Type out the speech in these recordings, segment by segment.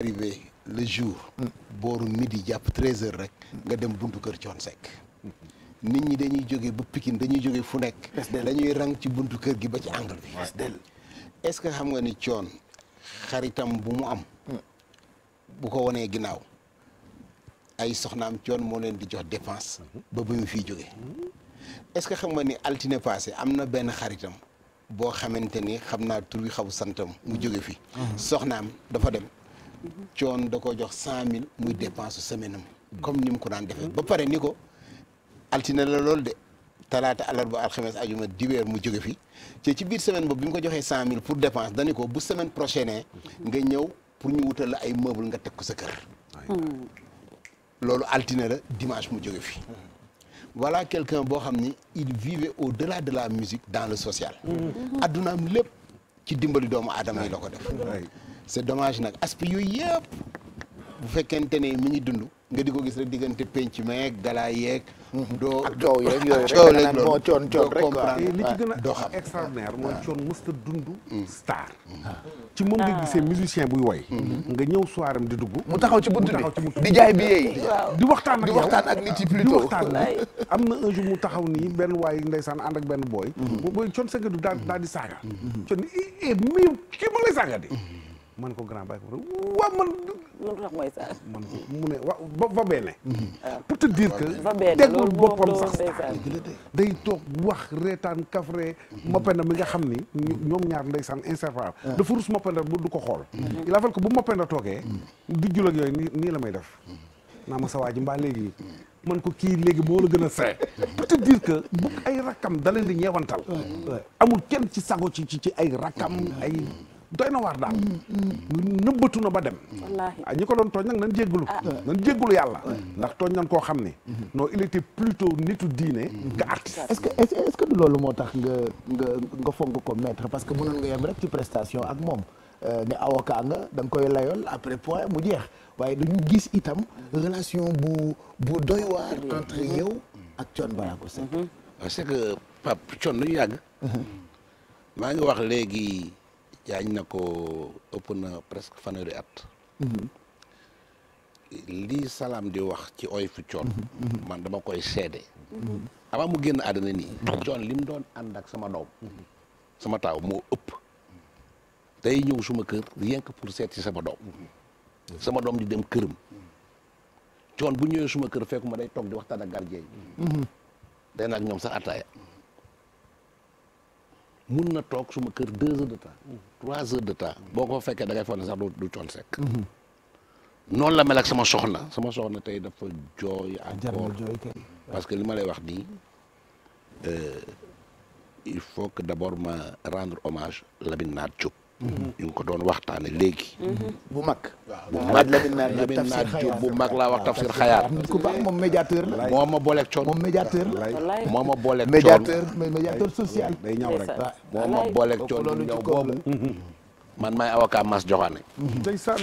arrivé le jour booru midi jàpp 13 heures rek nga dem buntu kër coon Seck nit ñi dañuy jóge ba Pikine dañuy jóge fu nekk dañuy rang ci buntu kër gi ba ci angle bi est-ce que xam nga ni Thione xaritam bu mu am bu ko wanee ginnaaw ay soxnaam Thione moo leen di jox dépense ba bu mu fi jóge est-ce que xam nga ni altine passé am na benn xaritam boo xamante ni xam naa tur wi xaw santam mu jóge fi mmh. soxnaam dafa dem coon da ko jox cent mille muy dépense semaine am comme ni mu ko daan defee ba pare ni ko altine la loolu de talaata àllarba alxames ajuma diweer mu jóge fi ci ci biir semaine boobu bi mu ko joxee cent mille pour dépense dani ko bu semaine prochaine nga ñëw pour ñu wutal la ay meuble nga teg ko sa kër hmm. loolu altine la dimanche mu jóge fi voilà quelqu'un boo xam ni il vivait au la de la musique dans le sociale hmm. addunaam lépp ci dimbali doomu aadama yi la ko def c'est dommage nag aspect yooyu yëpp bu fekkente ne mi ngi dund nga di ko gis rek diggante penc meeg galaay yeeg. Mhm. doo ak yeeg yooyu rek coow rek moo rek quoi li ci gën a mooy ah. coon mës ta dund mm. star mm. Ah. ci moom nga ah. gisee musicien buy woy mm-hmm. nga ñëw soiram di dugg mu taxaw ci bunt bi di jaay billet yi di waxtaan ak di waxtaan ak nit yi am na un mu taxaw nii benn waay ndeysaan ànd ak benn booy mm-hmm. booy coon sanga du daal di saaga mm-hmm. coon i eh, eh, mais kii ma lay saaga di man ko grand bàyyi ko waaw mu wa va bene. pour te dire que. va bene tegul boppam sax day toog wax reetaan kafre. Mhm. na mi nga xam ni. ñoom ñaar ndeysaan inséparable. Ah. dafa rus Mopenda bu du ko xool. Mhm. il a fallu que bu Mopenda toogee. Mhm. di jul yooyu nii nii la may def. naa ma sa waa ji mbaa léegi. man ko kii léegi moo la gën a see pour te dire que ay rakkam da leen di ñeewantal. amul kenn ci sago ci ci ay rakkam ay. doy na waar daal mm, mm. nëbbatu na ba dem ah ñi ko doon tooñ nag nan jéggalu ah. nan jéggalu yàlla ndax tooñ nan koo xam ni mm-hmm. non il était plutôt nitu diine mm-hmm. que artiste est-ce que est-ce que du loolu moo tax nga nga nga fonk ko maître parce que mënoon nga yem rek ci prestation ak moom euh, ne avocat nga da nga koy layool après point mu jeex waaye dañu gis itam relation bu bu doy waar mm-hmm. entre yow ak Thione Ballago Seck parce que Pape Thione lu ñu yàgg maa ngi wax léegi yaañ na ko ëpp na presque fanweeri at mhm. lii salaam di wax ci oy fu coon man dama koy seede mhm. avant mu génn àddina nii coon li doon ànd ak sama doom sama taaw moo ëpp day ñëw suma kër rien pour seet ci sama doom mhm. sama doom di dem këram coon bu ñëwee suma kër fekkuma day toog di waxtaan ak gardien yi day nag ñoom sax ataaya mun na toog suma kër deux heures de temps trois heures de temps boo ko fekkee dangay ngay foog ne sax du coon noonu la mel ak sama soxna sama soxna tey dafa jooy encore parce que li ma lay wax nii euh, il faut que d'abord ma rendre hommage Lamine Naar ñu ngi ko doon waxtaane léegi. Mm-hmm. bu mag. bu mag Lamine Naar Diop bu mag wax tafsir xayaat. nit ku baax moom médiateur la. ma booleeg coon moom ma booleeg coon médiateur médiateur social. day ñaw rek moo ma booleeg coon bu man maay avocat Mass Diokhane. Mm-hmm. ndeysaan.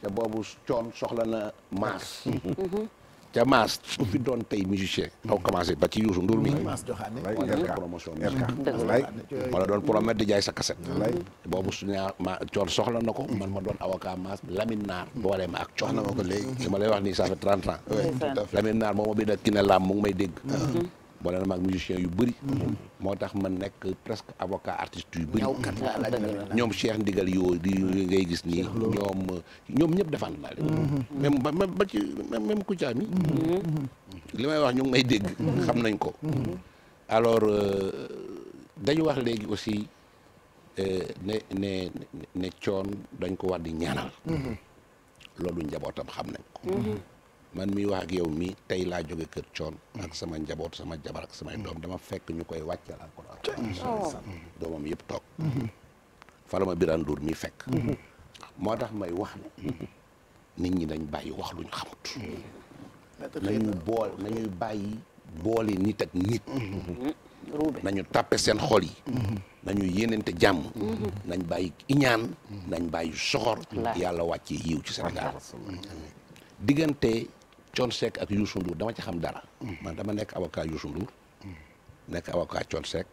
te boobu coon soxla na ca maas su fi doon tey musicien aw commencé ba ci Youssou Ndour mi promotion ma la doon promettre di jaay sa cassette boobu suñaa ma coon soxla na ko man ma doon avocat maas Lamine Naar boolee ma ak coon ah, ma ko léegi ma lay wax nii ça fait trente ans Lamine Naar moo ma bind ak Kiné Lam mu ngi may dégg ah. boole na maag musicien yu bëri moo tax man nekk presque avocat artiste yu bëri ñoom Cheikh Ndigal yoo di ngay gis nii ñoom ñoom ñëpp défendre naa leen mm-hmm. même ba ba ci même Kouthia mi mm-hmm. li may wax ñu ngi may dégg mm-hmm. xam nañ ko alors euh, dañu wax léegi aussi euh, ne ne ne coon dañ ko wax di ñaanal loolu njabootam xam nañ ko man mi wax yow mi tey laa jóge kër coon ak sama njaboot sama jabar ak samay doom dama fekk ñu koy ko la wàccal alxuraan oh. doomam yëpp toog falama biran nduur mi fekk moo tax may wax ne nit ñi nañ bàyyi wax lu ñu xamut nañu nañuy bàyyi boole nit ak nit nañu tàppe seen xol yi nañu yéenante jàmm nañ bàyyi iñaan nañ bàyyi soxor yàlla wàccee yiw ci Sénégal diggante Thione Seck ak Youssou Ndour dama ci xam dara. man dama nekk avocat Youssou Ndour. nekk avocat Thione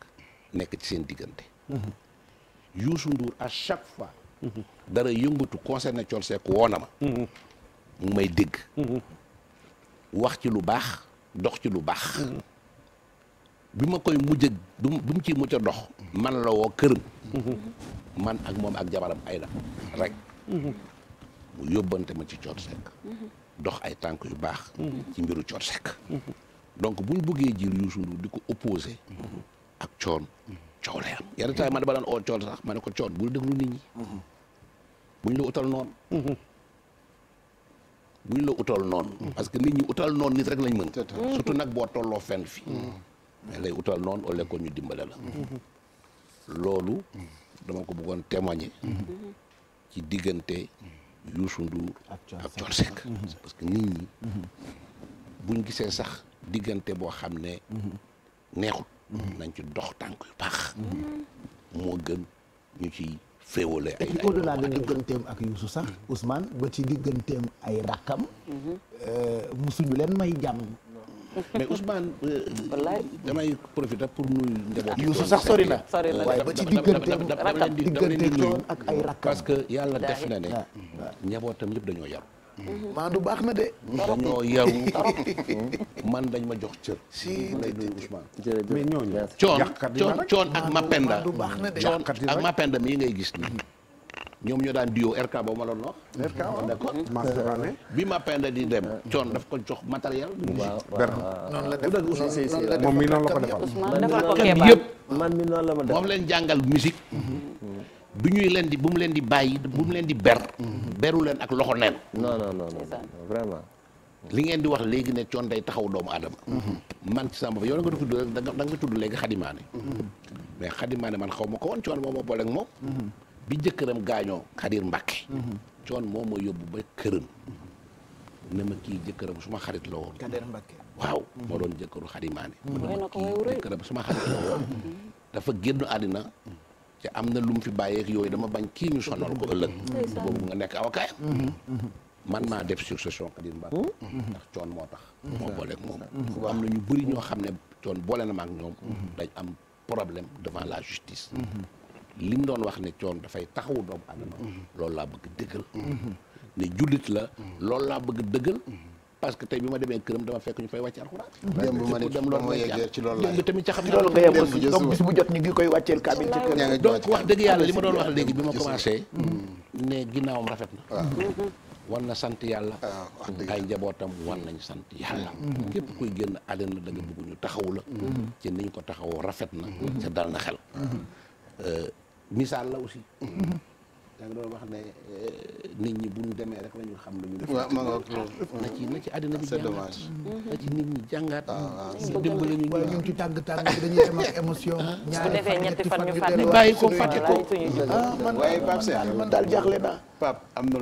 nekk ci seen diggante. Youssou Ndour à chaque fois. dara yëngatu concerné Thione Seck woo na ma. mu may dégg. wax ci lu baax dox ci lu baax. bi ma koy mujj bi mu ciy mujj a dox. man la woo këram. man ak moom ak jabaram ay la rek. mu yóbbante ma ci Thione dox ay tànk yu baax. Mhm. ci mbiru Thione Seck. donc bu ñu bëggee jël Youssou Ndour di ko opposé. ak Thione coow lay am yenn temps man dama daan oo Thione sax ma ne ko Thione bul déglu nit ñi. buñ la utal noonu. buñ la utal noon parce que nit ñi utal noon nit rek lañ mën. surtout nag boo tolloo fenn fii. mais lay utal noonu au ko ñu dimbale la. loolu. dama ko bëggoon témoigner. ci diggante. Youssou Ndour ak Thione parce que nit ñi buñ gisee sax diggante boo xam ne neexut mhm. nañ ci dox tànk yu baax mhm. moo gën ñu ci féewale ay au sax mhm. Ousmane ba ci digganteem ay rakkam euh, musuñu leen may jàmm mais Ousmane. Euh, wallaay damay profiter pour nuyu njaboot. Youssou sax sori na sori na waaye ba ci digganteem. rakkam digganteem ak ay rakkam parce que yàlla def na ne. njabootam yëpp dañoo yaru mhm. maandu baax na de. dañoo yaru mhm. man dañ ma jox cër. si lay nuyu Ousmane. jërëjëf mais ñooñu. coon coon ak Mapenda. coon ak Mapenda mii ngay gis nii. Mhm. ñoom ñoo daan diwoo RK boobu ma la wax. RK waaw d'accord bi Mapenda di dem. coon daf ko jox matériel. waaw noonu la la def moom mii noonu la ko defal. man mi noonu la ma def moom leen jàngal musique. du ñuy leen di bu mu leen di bàyyi bu mu leen di ber. beru leen ak loxo neen. non non non li ngeen di wax léegi ne coon day taxaw doomu aadama. man ci sama bopp yow nga tudd rek da nga tudd léegi xadimaane. mais xadimaane man xaw ma ko woon coon moom moo booleeg moom. bi jëkkëram gaañoo xadir mbàkke. coon moom moo yóbbu ba këram. ne ma kii jëkkëram suma xarit la woon. xadir waaw. moo doon jëkkëru xadimaane. mooy na ko wéy jëkkëram suma xarit la woon. dafa génn àddina. te am na lu mu fi bàyyeeg yooyu dama bañ kii ñu sonal ko ëllëg boobu nga nekk avocat mm-hmm. Mm-hmm. man maa def succession Kadir Mbacke mm-hmm. ndax coon moo tax moo booleeg moom am na ñu bëri ñoo xam ne coon boole na ma ak ñoom dañ am problème devant la justice li mu doon wax ne coon dafay taxawu doomu adama loolu laa bëgg dëggal ne jullit la loolu laa bëgg dëggal parce que tey bi ma demee këram dama fekk ñu fay wàcc alxuraan dem bu ma ne dem loolu yeggee ci loolu dem tamit ca xam ci loolu nga yem donc bis bu jot ñu ngi koy wàcceel kaamil ci këram donc wax dëgg yàlla li ma doon wax léegi bi ma commencé mm. ne ginnaawam rafet na ah. mm-hmm. war na sant yàlla ah, ay njabootam war nañ sant yàlla mm-hmm. képp kuy génn àddina da nga bëgg ñu taxaw la mm-hmm. ci niñ ko taxawoo rafet na ca dal na xel euh, misaal la aussi da nga doon wax ne eh, nit ñi bu ñu demee rek la ñu xam lu ñu def. ma nga na ci na ci àddina bi jàngaat na ci nit ñi jàngaat. ñu dimbali ñu ñu ngi ci tàng tàng dañuy dem ak émotion. Ah, ñaari fan ñetti fan ñu fàtte bàyyi ko fàtte ko. Ah, waaye man daal jaaxle na